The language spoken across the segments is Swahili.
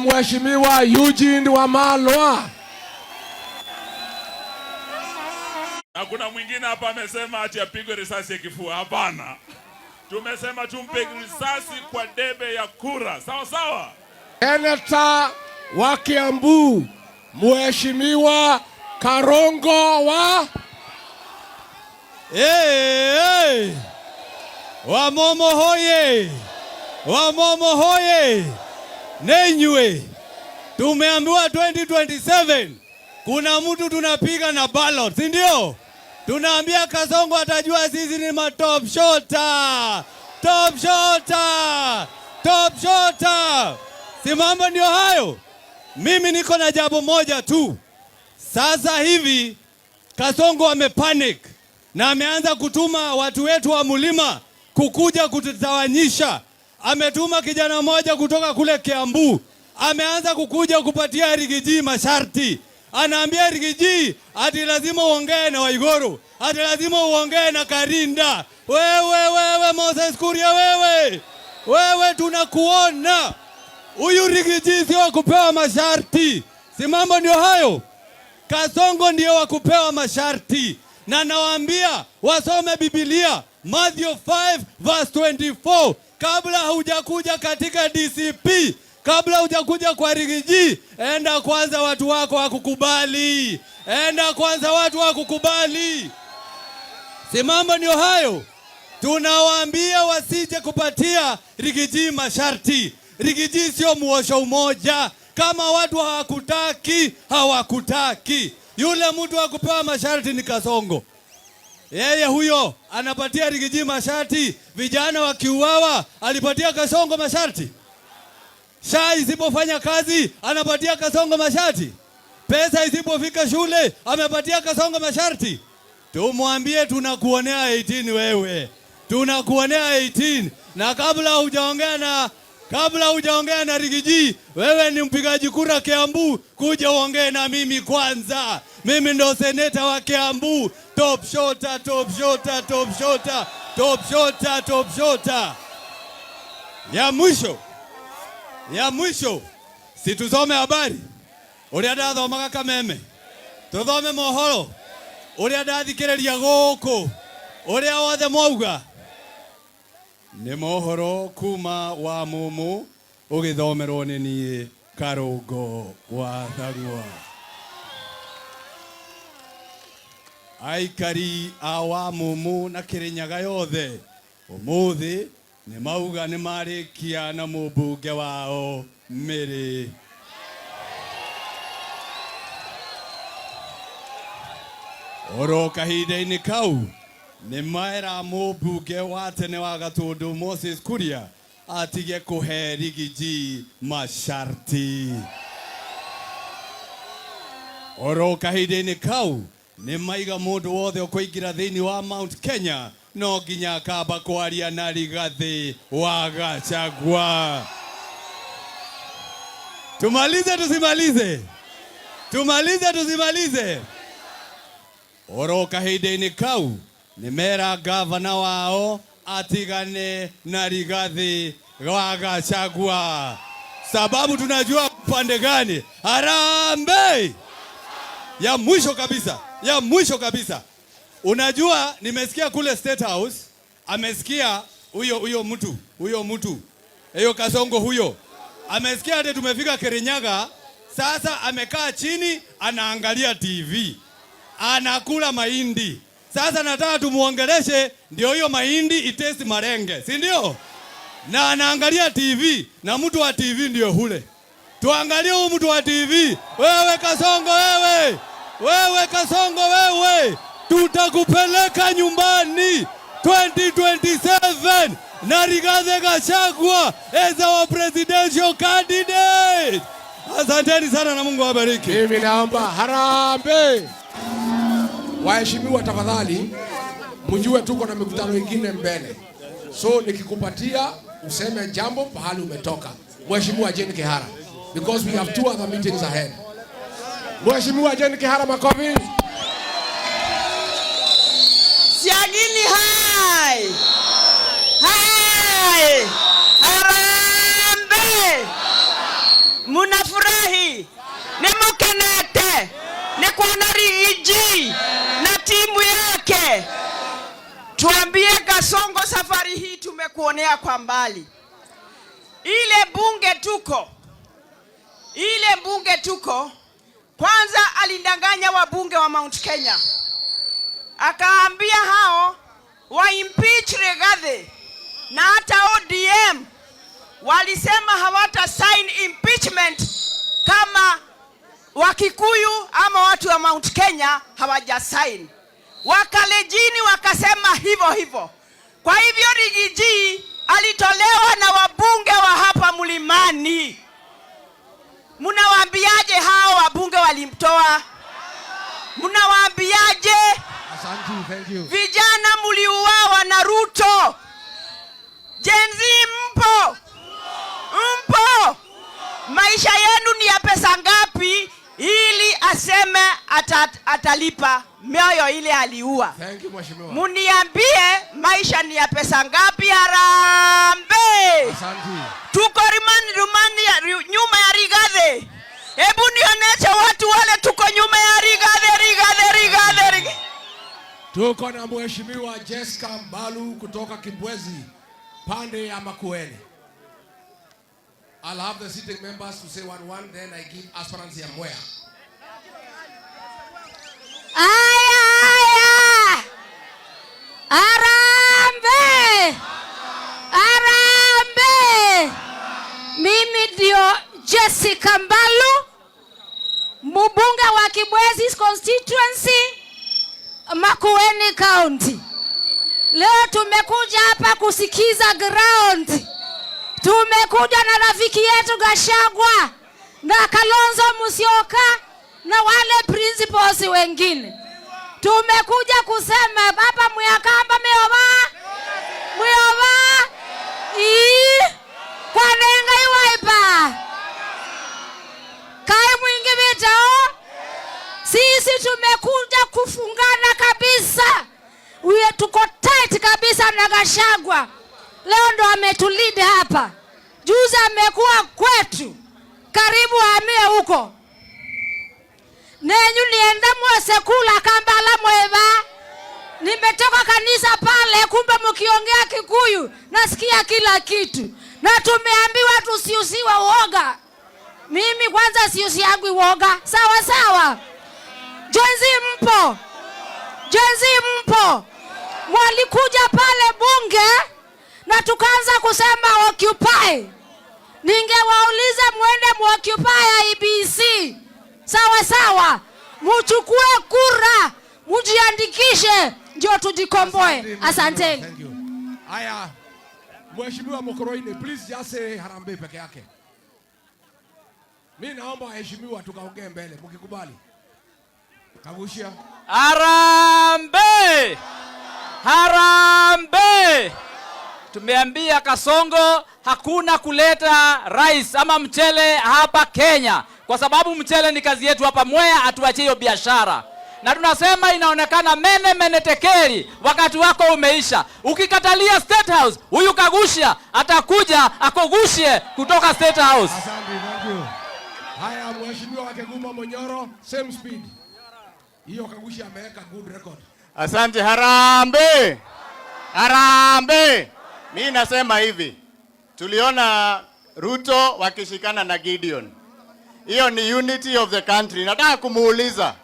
na Mheshimiwa Eugene Wamalwa. Na kuna mwingine hapa amesema ati apigwe risasi ya kifua. Hapana, tumesema tumpe risasi kwa debe ya kura, sawa sawa. Seneta wa Kiambu Mheshimiwa Karongo wa hey, hey. Wamomo hoye! Wamomo hoye! Nenywe tumeambiwa 2027 kuna mtu tunapiga na ballot, si ndio? Tunaambia Kasongo atajua sisi ni top shota, top shota, top shota. Si mambo ndio hayo. Mimi niko na jambo moja tu. Sasa hivi Kasongo amepanic na ameanza kutuma watu wetu wa mulima kukuja kututawanyisha ametuma kijana mmoja kutoka kule Kiambu, ameanza kukuja kupatia Rigiji masharti. Anaambia Rigiji ati lazima uongee na Waigoro, ati lazima uongee na Karinda. Wewe wewe Moses Kuria, wewe wewe, tunakuona huyu Rigiji sio wakupewa masharti, si mambo ndio hayo? Kasongo ndio wakupewa masharti, na nawaambia wasome Biblia Matthew 5 verse 24 kabla hujakuja katika DCP, kabla hujakuja kwa rigiji, enda kwanza watu wako wakukubali, enda kwanza watu wakukubali. Si mambo ndio hayo? Tunawaambia wasije kupatia rigiji masharti. Rigiji sio muosho umoja. Kama watu hawakutaki hawakutaki. Yule mtu akupewa masharti ni kasongo. Yeye huyo anapatia Rigiji masharti, vijana wakiuawa alipatia Kasongo masharti, shaa isipofanya kazi anapatia Kasongo masharti, pesa isipofika shule amepatia Kasongo masharti. Tumwambie tunakuonea 18 wewe, tunakuonea 18 na kabla hujaongea na kabla hujaongea na Rigiji, wewe ni mpigaji kura Kiambu, kuja uongee na mimi kwanza. Mimi ndo seneta wa Kiambu, top shota, top shota, top shota, top shota, top shota. Ya mwisho ya mwisho, si tuzome habari uria ndathomaga Kameme, tuthome mohoro uria ndathikiriria guku, uria wothe mwauga ni mohoro kuma wa mumu ugithomerwo ni nie Karungo wa Thang'wa. aikari awa mumu na kirinyaga yothe umuthi ni mauga ni marikia na mubunge wao miri oro kahinda-inĩ kau ni mera mũmbunge wa tene wa gatũndũ Moses Kuria atige kũhe rigiji masharti oro kahinda-inĩ kau nä maiga må ndå wothe å kå ingä ra thä inä wa Mount Kenya no nginya akamba kwaria na rigathä wa Gachagua. Tumalize tusimalize, tumalize tusimalize. Oro kahinda-inä kau nä mera gavana wao atigane na rigathi wa Gachagua sababu tunajua upande gani. harambe ya mwisho kabisa ya mwisho kabisa, unajua nimesikia kule State House amesikia huyo huyo mtu huyo mtu hiyo Kasongo huyo amesikia hadi tumefika Kirinyaga. Sasa amekaa chini anaangalia TV anakula mahindi. Sasa nataka tumuongeleshe, ndio hiyo mahindi itesti marenge, si ndio? Na anaangalia TV na mtu wa TV ndio hule. Tuangalie huyu mtu wa TV. Wewe Kasongo wewe wewe Kasongo, wewe tutakupeleka nyumbani 2027 na Rigathi Gachagua as our presidential candidate. Asanteni sana na Mungu awabariki. Mimi naomba harambe. Waheshimiwa, tafadhali mjue tuko na mikutano ingine mbele, so nikikupatia useme jambo pahali umetoka. Mheshimiwa Jane Kihara, because we have two other meetings ahead. Mheshimiwa John Kihara makofi. Siagini hai. Hai. Harambe. Munafurahi. Ni mkenete. Ni kuona e na timu yake. Tuambie Kasongo, safari hii tumekuonea kwa mbali. Ile bunge tuko. Ile bunge tuko kwanza alidanganya wabunge wa Mount Kenya, akaambia hao wa impeach Regathe na hata ODM walisema hawata sign impeachment kama Wakikuyu ama watu wa Mount Kenya hawaja sign. Wakalejini wakasema hivyo hivyo. Kwa hivyo Rigiji alitolewa na wabunge wa hapa mlimani. Mnawaambiaje hao wabunge walimtoa? Mnawaambiaje? Vijana mliuawa na Ruto. jenzi mpo, mpo. Maisha yenu ni ya pesa ngapi ili aseme atat, atalipa mioyo ile aliua? Muniambie maisha ni ya pesa ngapi? harambe Asante. Hebu nionyeshe watu wale tuko nyuma ya Rigathi, Rigathi, Rigathi. Tuko na mheshimiwa Jessica Mbalu kutoka Kibwezi pande ya Makueni. I'll have the sitting members to say one one then I give aspirants ya Mwea. Aya aya. Arambe. Arambe. Mimi ndio Jessica Mbalu this constituency, Makueni County. Leo tumekuja hapa kusikiza ground. Tumekuja na rafiki yetu Gashagwa na Kalonzo Musyoka na wale principals wengine. Tumekuja kusema baba Mwakamba meoba mweoba kwa kwanenga iwaipa kai mwingi vitao sisi tumekuja kufungana kabisa, uye tuko tight kabisa na Gashagwa. Leo ndo ametulinda hapa, juzi amekuwa kwetu, karibu amie huko nenyu nienda mwesekula kambala mweva. Nimetoka kanisa pale, kumbe mkiongea Kikuyu nasikia kila kitu, na tumeambiwa tusiusiwe uoga. Mimi kwanza siusiagwi uoga, sawa sawa. Jenzi mpo? Jenzi mpo? Walikuja pale bunge na tukaanza kusema occupy. Ningewauliza mwende muoccupy IBC, sawa sawa, muchukue kura, mujiandikishe ndio tujikomboe. Asanteni. Haya, Mheshimiwa Mokoroine, please say harambee peke yake. Mimi naomba waheshimiwa tukaongee mbele mkikubali kabushia Harambe! Harambe! Tumeambia Kasongo hakuna kuleta rais ama mchele hapa Kenya, kwa sababu mchele ni kazi yetu hapa Mwea, atuachie hiyo biashara. Na tunasema inaonekana mene mene tekeri, wakati wako umeisha. Ukikatalia State House, huyu Kagusha atakuja akogushe kutoka State House. Asante, thank you. Haya, mheshimiwa Wakeguma Monyoro, same speed. Hiyo Kagushi ameweka good record. Asante. harambe harambe. Mi nasema hivi, tuliona Ruto wakishikana na Gideon, hiyo ni unity of the country. Nataka kumuuliza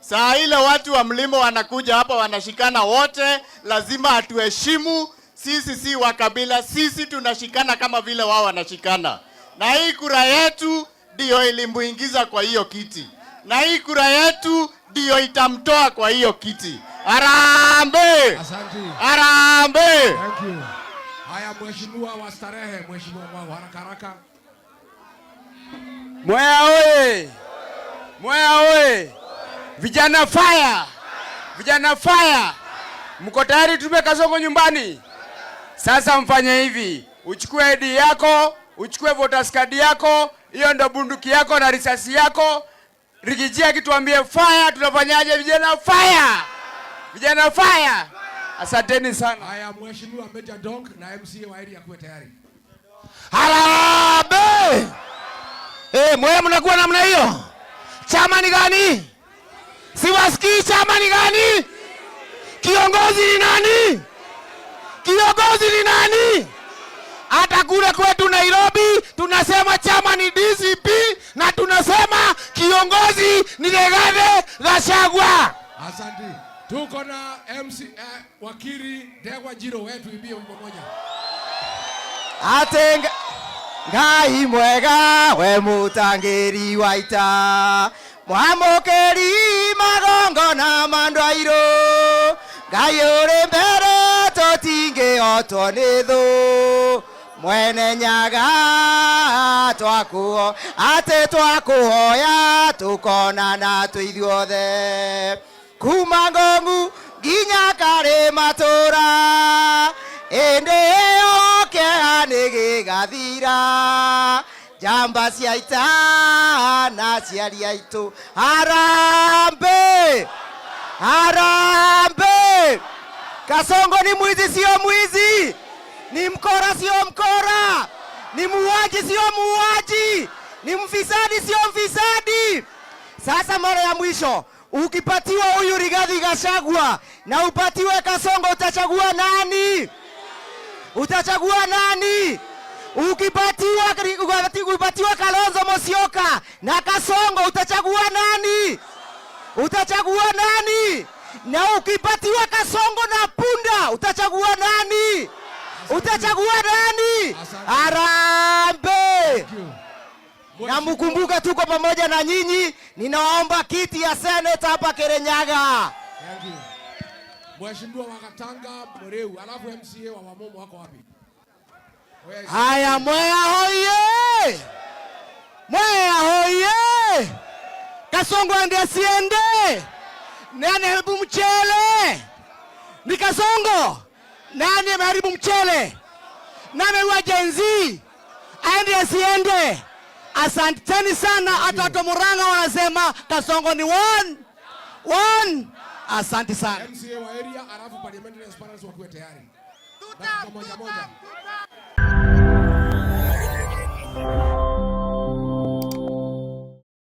saa ile watu wa mlimo wanakuja hapa wanashikana wote, lazima atuheshimu sisi, si wa kabila, sisi tunashikana kama vile wao wanashikana, na hii kura yetu ndiyo ilimuingiza kwa hiyo kiti, na hii kura yetu ndiyo itamtoa kwa hiyo kiti. Arambe, asante. Arambe, thank you. Haya, mheshimiwa wa starehe, mheshimiwa wa haraka haraka. Mwea oye! Mwea oye! Vijana fire, vijana fire, mko tayari? Tume kasongo nyumbani. Sasa mfanye hivi, uchukue ID yako, uchukue voters card yako, hiyo ndo bunduki yako na risasi yako Rikijia kituambie fire, tunafanyaje vijana? Fire vijana, fire! Asanteni sana. Haya, mheshimiwa Major Donk na MC wa area kuwe tayari. Halabe! Eh, mwe mnakuwa namna hiyo? Chama ni gani? Siwasikii chama ni gani? Kiongozi ni nani? Kiongozi ni nani? Hata kule kwetu Nairobi tunasema chama ni DCP na tunasema Kiongozi ni Rigathi Gachagua. Asante. Tuko na MC uh, eh, wakili Ndegwa Njiro, wetu ibie wimbo moja. Atenga Ngai mwega we mutangiri waita ita mwamukeri magongo na mandwairo Ngai uri mbere tutingihotwo ni thu mwene nyaga twakuo ate twakuhoya tukonana tuithuothe kuma ngongu nginya kari matura indi iyo kieha ni gigathira njamba cia ita na aciari aitu harambe harambe kasongo ni mwizi sio mwizi ni mkora sio mkora, ni muuaji sio muuaji, ni mfisadi sio mfisadi. Sasa mara ya mwisho ukipatiwa huyu Rigathi Gachagua na upatiwe Kasongo, utachagua nani? Utachagua nani? Ukipatiwa ukipatiwa Kalonzo Musyoka na Kasongo, utachagua nani? Utachagua nani? Na ukipatiwa Kasongo na Punda, utachagua nani? Utachagua nani? Arambe, namkumbuka, mkumbuke tuko pamoja na nyinyi. Ninaomba kiti ya seneta hapa Kirinyaga. Mheshimiwa wa Katanga Wakatanga alafu MCA wa Wamomo wako wapi? Haya, Mwea hoye! Mwea hoye! Kasongo ande asiende Nene hebu mchele. ni Kasongo. Nani ameharibu mchele? Nani wa Gen Z? Aende asiende? Asanteni sana. Hata watu Murang'a wanasema Kasongo ni one one. Asante sana MCA wa area, alafu parliament transparency wakuwe tayari.